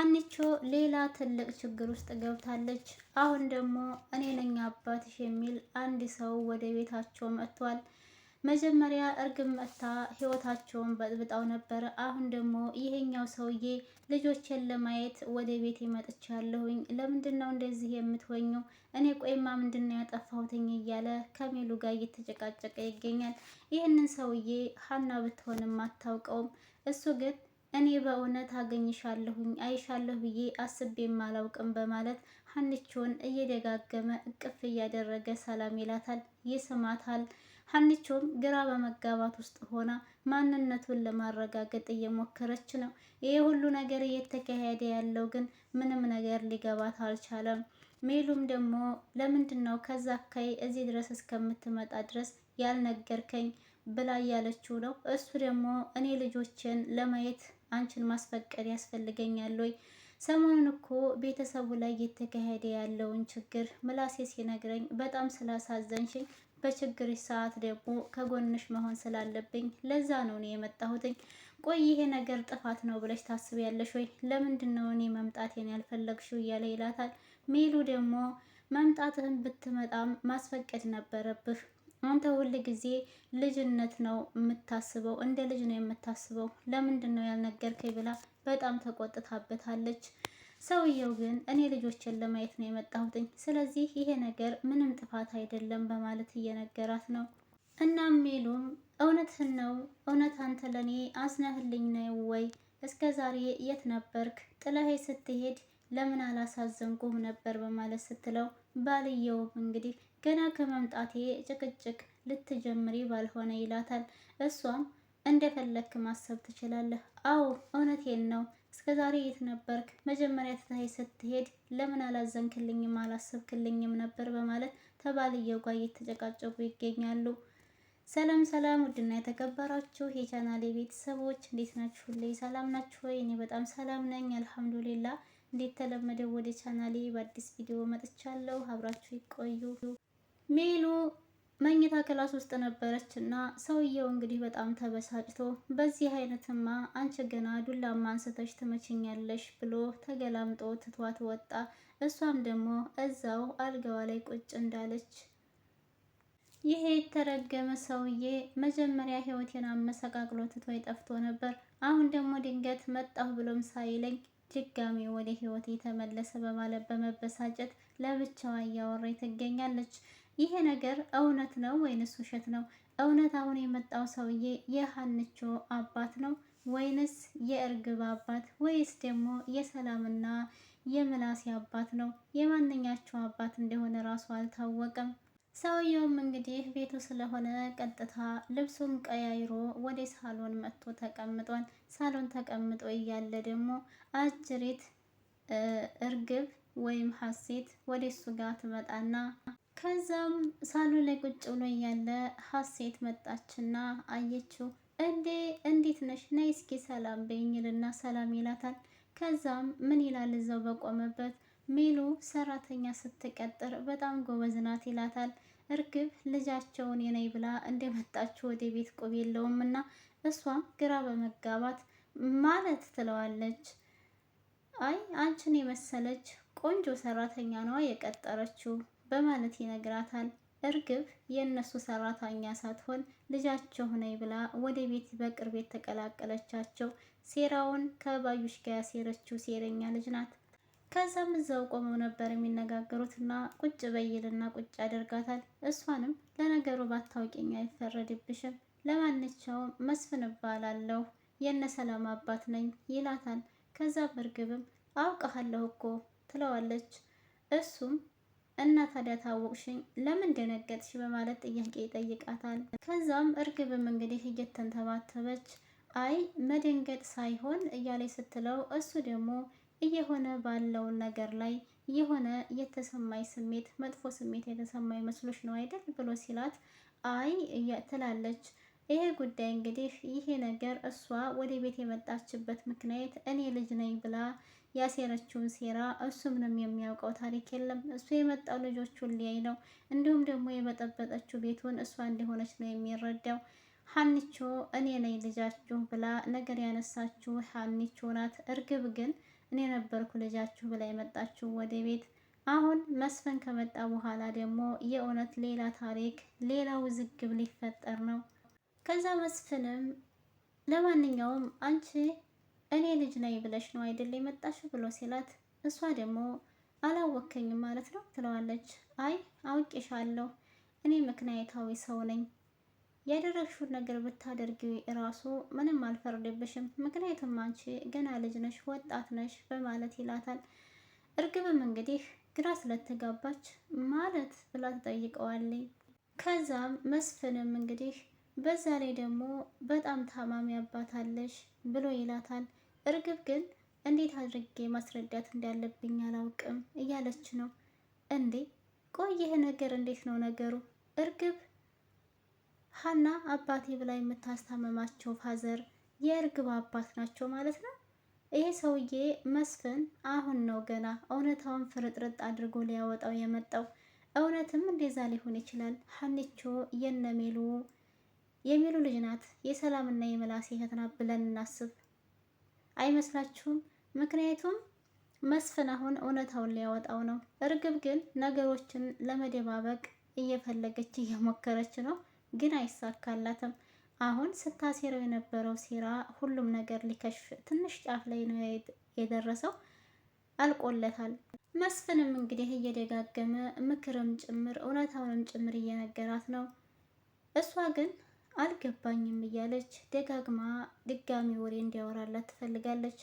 ሀኒቾ ሌላ ትልቅ ችግር ውስጥ ገብታለች። አሁን ደግሞ እኔ ነኝ አባትሽ የሚል አንድ ሰው ወደ ቤታቸው መጥቷል። መጀመሪያ እርግብ መጥታ ህይወታቸውን በጥብጣው ነበር። አሁን ደግሞ ይሄኛው ሰውዬ ልጆችን ለማየት ወደ ቤት መጥቻለሁኝ። ለምንድን ነው እንደዚህ የምትሆኙ? እኔ ቆይማ ምንድን ነው ያጠፋሁትኝ? እያለ ከሚሉ ጋር እየተጨቃጨቀ ይገኛል። ይህንን ሰውዬ ሀና ብትሆንም አታውቀውም። እሱ ግን እኔ በእውነት አገኝሻለሁኝ አይሻለሁ ብዬ አስቤም አላውቅም በማለት ሀንቾን እየደጋገመ እቅፍ እያደረገ ሰላም ይላታል፣ ይስማታል። ሀንቾም ግራ በመጋባት ውስጥ ሆና ማንነቱን ለማረጋገጥ እየሞከረች ነው። ይህ ሁሉ ነገር እየተካሄደ ያለው ግን ምንም ነገር ሊገባት አልቻለም። ሜሉም ደግሞ ለምንድን ነው ከዛ አካይ እዚህ ድረስ እስከምትመጣ ድረስ ያልነገርከኝ ብላ እያለችው ነው። እሱ ደግሞ እኔ ልጆችን ለማየት አንቺን ማስፈቀድ ያስፈልገኛል ወይ? ሰሞኑን እኮ ቤተሰቡ ላይ እየተካሄደ ያለውን ችግር ምላሴ ሲነግረኝ በጣም ስላሳዘንሽኝ በችግርሽ ሰዓት ደግሞ ከጎንሽ መሆን ስላለብኝ ለዛ ነው እኔ የመጣሁትኝ። ቆይ ይሄ ነገር ጥፋት ነው ብለሽ ታስቢያለሽ ወይ? ለምንድን ነው እኔ መምጣቴን ያልፈለግሽው? እያለ ይላታል። ሜሉ ደግሞ መምጣትህን ብትመጣም ማስፈቀድ ነበረብህ አንተ ሁል ጊዜ ልጅነት ነው የምታስበው፣ እንደ ልጅ ነው የምታስበው፣ ለምንድን ነው ያልነገርከኝ ብላ በጣም ተቆጥታበታለች። ሰውየው ግን እኔ ልጆችን ለማየት ነው የመጣሁትኝ፣ ስለዚህ ይሄ ነገር ምንም ጥፋት አይደለም በማለት እየነገራት ነው። እናም ሜሉም እውነትህን ነው እውነት አንተ ለእኔ አዝነህልኝ ነው ወይ? እስከ ዛሬ የት ነበርክ? ጥለህ ስትሄድ ለምን አላሳዘንኩም ነበር በማለት ስትለው ባልየውም እንግዲህ ገና ከመምጣቴ ጭቅጭቅ ልትጀምሪ ባልሆነ ይላታል። እሷም እንደፈለክ ማሰብ ትችላለህ። አዎ እውነቴን ነው። ዛሬ የት ነበርክ? መጀመሪያ ትታይ ስትሄድ ለምን አላዘንክልኝም አላሰብክልኝም ነበር በማለት ተባልየው ጋር እየተጨቃጨቁ ይገኛሉ። ሰላም ሰላም፣ ውድና የተከበራችሁ የቻናሌ ቤተሰቦች እንዴት ናችሁልኝ? ሰላም ናችሁ ወይ? እኔ በጣም ሰላም ነኝ አልሐምዱሊላ። እንዴት ተለመደው ወደ ቻናሌ በአዲስ ቪዲዮ መጥቻለሁ። አብራችሁ ይቆዩ። ሜሉ መኝታ ክላስ ውስጥ ነበረች እና ሰውየው እንግዲህ በጣም ተበሳጭቶ በዚህ አይነትማ አንቺ ገና ዱላማ አንስተሽ ትመችኛለሽ ብሎ ተገላምጦ ትቷት ወጣ። እሷም ደግሞ እዛው አልጋዋ ላይ ቁጭ እንዳለች ይሄ የተረገመ ሰውዬ መጀመሪያ ህይወቴን አመሰቃቅሎ ትቶ ጠፍቶ ነበር። አሁን ደግሞ ድንገት መጣሁ ብሎም ሳይለኝ ድጋሚ ወደ ህይወቴ ተመለሰ በማለት በመበሳጨት ለብቻዋ እያወራኝ ትገኛለች። ይሄ ነገር እውነት ነው ወይንስ ውሸት ነው? እውነት አሁን የመጣው ሰውዬ የሀንቾ አባት ነው ወይንስ የእርግብ አባት ወይስ ደግሞ የሰላምና የምላሴ አባት ነው? የማንኛቸው አባት እንደሆነ ራሱ አልታወቀም። ሰውየውም እንግዲህ ቤቱ ስለሆነ ቀጥታ ልብሱን ቀያይሮ ወደ ሳሎን መጥቶ ተቀምጧል። ሳሎን ተቀምጦ እያለ ደግሞ አጅሬት እርግብ ወይም ሀሴት ወደ እሱ ጋር ትመጣና ከዛም ሳሎን ላይ ቁጭ ብሎ እያለ ሀሴት መጣችና አየችው። እንዴ እንዴት ነሽ? ነይ እስኪ ሰላም በይኝልና ሰላም ይላታል። ከዛም ምን ይላል እዛው በቆመበት ሜሉ ሰራተኛ ስትቀጥር በጣም ጎበዝ ናት ይላታል። እርግብ ልጃቸውን የነይ ብላ እንደመጣችሁ ወደ ቤት ቁብ የለውም እና እሷም ግራ በመጋባት ማለት ትለዋለች። አይ አንቺን የመሰለች ቆንጆ ሰራተኛ ነዋ የቀጠረችው በማለት ይነግራታል። እርግብ የእነሱ ሰራተኛ ሳትሆን ልጃቸው ነኝ ብላ ወደ ቤት በቅርብ የተቀላቀለቻቸው ሴራውን ከባዩሽ ጋር ያሴረችው ሴረኛ ልጅ ናት። ከዛም እዛው ቆመው ነበር የሚነጋገሩትና ቁጭ በይልና ቁጭ ያደርጋታል። እሷንም ለነገሩ ባታውቂኝ አይፈረድብሽም፣ ለማንኛውም መስፍን እባላለሁ የነ ሰላም አባት ነኝ ይላታል። ከዛም እርግብም አውቀሃለሁ እኮ ትለዋለች። እሱም እና ታዲያ ታወቅሽኝ ለምን ደነገጥሽ? በማለት ጥያቄ ይጠይቃታል። ከዛም እርግብም እንግዲህ እየተንተባተበች አይ መደንገጥ ሳይሆን እያለች ስትለው እሱ ደግሞ እየሆነ ባለው ነገር ላይ የሆነ የተሰማኝ ስሜት መጥፎ ስሜት የተሰማኝ መስሎች ነው አይደል ብሎ ሲላት አይ ትላለች። ይሄ ጉዳይ እንግዲህ ይሄ ነገር እሷ ወደ ቤት የመጣችበት ምክንያት እኔ ልጅ ነኝ ብላ ያሴረችውን ሴራ እሱ ምንም የሚያውቀው ታሪክ የለም። እሱ የመጣው ልጆቹን ሊያይ ነው። እንዲሁም ደግሞ የበጠበጠችው ቤቱን እሷ እንደሆነች ነው የሚረዳው። ሀኒቾ እኔ ነኝ ልጃችሁ ብላ ነገር ያነሳችሁ ሀኒቾ ናት። እርግብ ግን እኔ ነበርኩ ልጃችሁ ብላ የመጣችሁ ወደ ቤት አሁን መስፈን ከመጣ በኋላ ደግሞ የእውነት ሌላ ታሪክ፣ ሌላ ውዝግብ ሊፈጠር ነው። ከዛ መስፍንም ለማንኛውም አንቺ እኔ ልጅ ነኝ ብለሽ ነው አይደል የመጣሽ ብሎ ሲላት፣ እሷ ደግሞ አላወከኝም ማለት ነው ትለዋለች። አይ አውቄሻለሁ፣ እኔ ምክንያታዊ ሰው ነኝ። ያደረግሽውን ነገር ብታደርጊ ራሱ ምንም አልፈርድብሽም፣ ምክንያቱም አንቺ ገና ልጅ ነሽ፣ ወጣት ነሽ በማለት ይላታል። እርግብም እንግዲህ ግራ ስለተጋባች ማለት ብላ ትጠይቀዋለኝ። ከዛም መስፍንም እንግዲህ በዛ ላይ ደግሞ በጣም ታማሚ አባታለሽ ብሎ ይላታል። እርግብ ግን እንዴት አድርጌ ማስረዳት እንዳለብኝ አላውቅም እያለች ነው። እንዴ ቆይ ይህ ነገር እንዴት ነው ነገሩ? እርግብ ሀና አባቴ ብላ የምታስታመማቸው ፋዘር የእርግብ አባት ናቸው ማለት ነው። ይሄ ሰውዬ መስፍን አሁን ነው ገና እውነታውን ፍርጥርጥ አድርጎ ሊያወጣው የመጣው። እውነትም እንደዛ ሊሆን ይችላል። ሀኒቾ የነሜሉ የሚሉ ልጅ ናት የሰላምና የመላሴ እህት ናት ብለን እናስብ። አይመስላችሁም? ምክንያቱም መስፍን አሁን እውነታውን ሊያወጣው ነው። እርግብ ግን ነገሮችን ለመደባበቅ እየፈለገች እየሞከረች ነው፣ ግን አይሳካላትም። አሁን ስታሴረው የነበረው ሴራ ሁሉም ነገር ሊከሽፍ ትንሽ ጫፍ ላይ ነው የደረሰው፣ አልቆለታል። መስፍንም እንግዲህ እየደጋገመ ምክርም ጭምር እውነታውንም ጭምር እየነገራት ነው። እሷ ግን አልገባኝም እያለች ደጋግማ ድጋሚ ወሬ እንዲያወራላት ትፈልጋለች።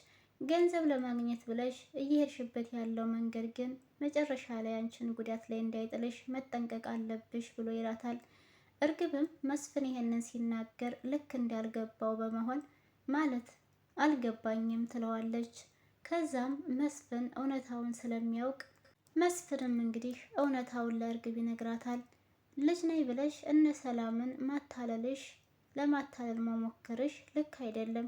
ገንዘብ ለማግኘት ብለሽ እየሄድሽበት ያለው መንገድ ግን መጨረሻ ላይ አንቺን ጉዳት ላይ እንዳይጥልሽ መጠንቀቅ አለብሽ ብሎ ይላታል። እርግብም መስፍን ይሄንን ሲናገር ልክ እንዳልገባው በመሆን ማለት አልገባኝም ትለዋለች። ከዛም መስፍን እውነታውን ስለሚያውቅ መስፍንም እንግዲህ እውነታውን ለእርግብ ይነግራታል። ልጅ ነኝ ብለሽ እነ ሰላምን ማታለልሽ ለማታለል መሞከርሽ ልክ አይደለም።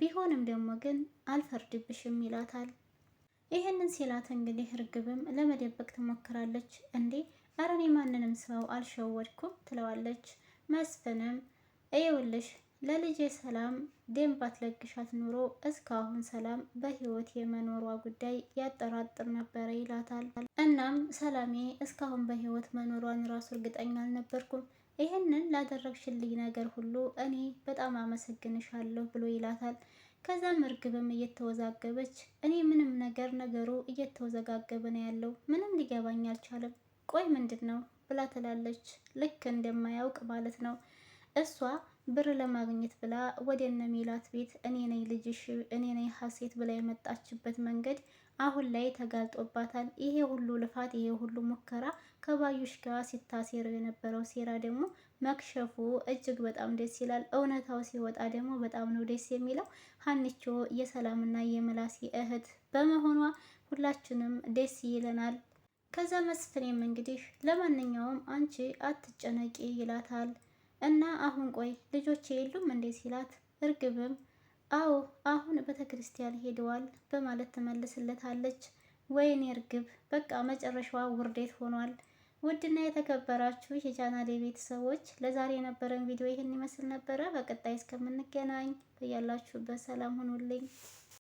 ቢሆንም ደግሞ ግን አልፈርድብሽም ይላታል። ይህንን ሲላት እንግዲህ እርግብም ለመደበቅ ትሞክራለች። እንዴ አረኔ ማንንም ሰው አልሸወድኩም ትለዋለች። መስፍንም እየውልሽ ለልጄ ሰላም ደም ባትለግሻት ኑሮ እስካሁን ሰላም በህይወት የመኖሯ ጉዳይ ያጠራጥር ነበረ ይላታል። እናም ሰላሜ እስካሁን በህይወት መኖሯን ራሱ እርግጠኛ አልነበርኩም፣ ይህንን ላደረግሽልኝ ነገር ሁሉ እኔ በጣም አመሰግንሻለሁ ብሎ ይላታል። ከዛም እርግብም እየተወዛገበች እኔ ምንም ነገር ነገሩ እየተወዘጋገበ ነው ያለው፣ ምንም ሊገባኝ አልቻለም፣ ቆይ ምንድን ነው ብላ ትላለች። ልክ እንደማያውቅ ማለት ነው እሷ ብር ለማግኘት ብላ ወደ እነ ሜላት ቤት እኔ ነኝ ልጅሽ እኔ ነኝ ሀሴት ብላ የመጣችበት መንገድ አሁን ላይ ተጋልጦባታል። ይሄ ሁሉ ልፋት፣ ይሄ ሁሉ ሙከራ ከባዩሽ ጋር ሲታሴር የነበረው ሴራ ደግሞ መክሸፉ እጅግ በጣም ደስ ይላል። እውነታው ሲወጣ ደግሞ በጣም ነው ደስ የሚለው። ሀንቾ የሰላምና የምላሴ እህት በመሆኗ ሁላችንም ደስ ይለናል። ከዛ መስፍኔም እንግዲህ ለማንኛውም አንቺ አትጨነቂ ይላታል። እና አሁን ቆይ ልጆች የሉም እንዴ ሲላት እርግብም አዎ አሁን ቤተ ክርስቲያን ሄደዋል በማለት ትመልስለታለች። ወይኔ እርግብ በቃ መጨረሻዋ ውርዴት ሆኗል። ውድና የተከበራችሁ የቻናሌ ቤተሰቦች ለዛሬ የነበረን ቪዲዮ ይህን ይመስል ነበረ። በቀጣይ እስከምንገናኝ በያላችሁበት ሰላም ሁኑልኝ።